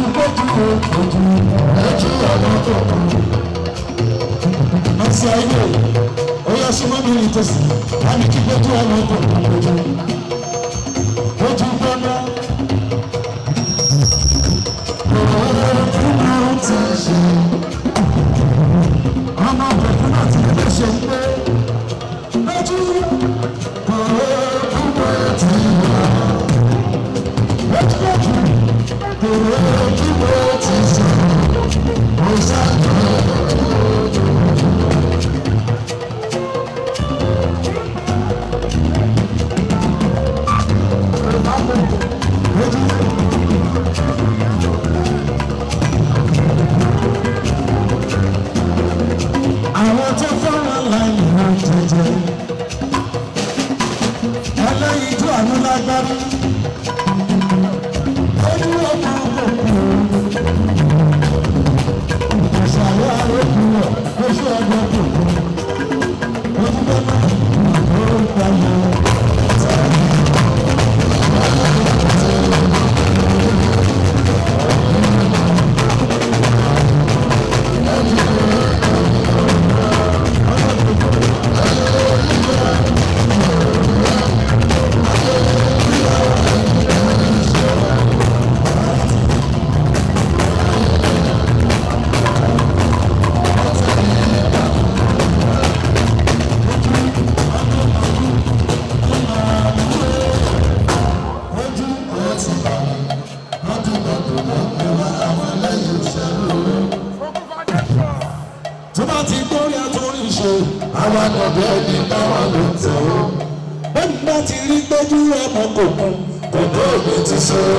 ojú kojú ojú ojú ọ̀nà tó kojú. Màsí ayé, ó yá súnmọ́ mi nítòsí, wá ní kí kojú ọ̀nà tó kojú. àwọn tó fọ́nrán láyé wọn jẹjẹ ẹlẹ́yìí tó àánú lágbára ó dúró pa. ṣe àwọn àgbẹ̀ ẹni táwọn ló ń tẹ̀ ó. bẹ́ẹ̀ ni bá ti rí gbẹ́jú ọmọ kò kò tó òbí ti ṣe ó.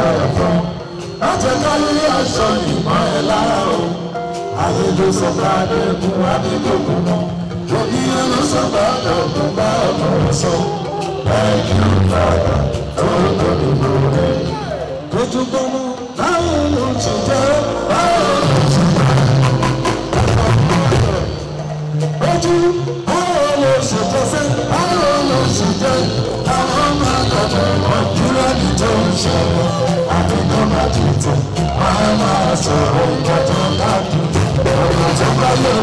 sọ̀rọ̀ fún láti káyé aṣọ ìmọ̀ ẹ̀ lára o ayé ló sọ bá dẹ́kun adédọ́gún náà òní ló sọ bá dọ̀gún bá ọ̀nà sọ báyìí ló dára tó lọ́dún lórí. lójú gbọ́mọ báwo ló ti jẹ́ báwo ló ti jẹ́ lójú báwo ló ṣe jẹ́ sẹ́ báwo ló ṣe jẹ́ àwọn máa dọ̀dọ̀ wọn dúró ní tó ń ṣe wọn tètè máa máa sọ̀rọ̀ nǹkan tó ń dájú ọ̀rọ̀ tó bá lè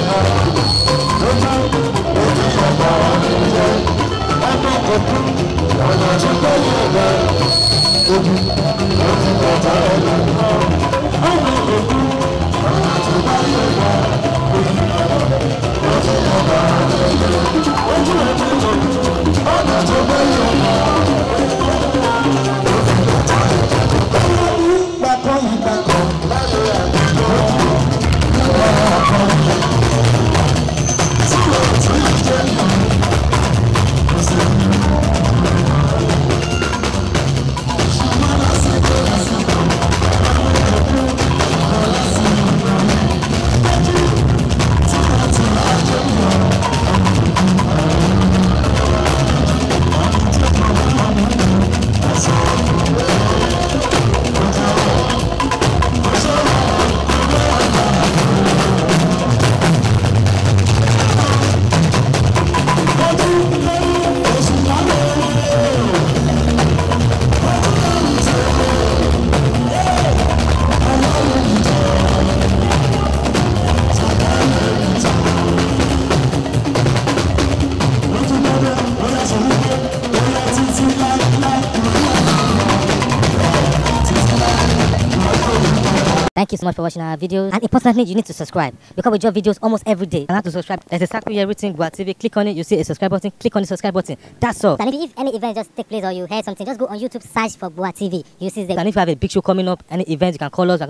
Thank you so much for watching our videos. And importantly, you need to subscribe because we drop videos almost every day. And how to subscribe? There's a circle here written Gua TV. Click on it, you see a subscribe button. Click on the subscribe button. That's all. And if any event just take place or you heard something, just go on YouTube, search for Gua TV. You see the. And if you have a big show coming up, any event, you can call us.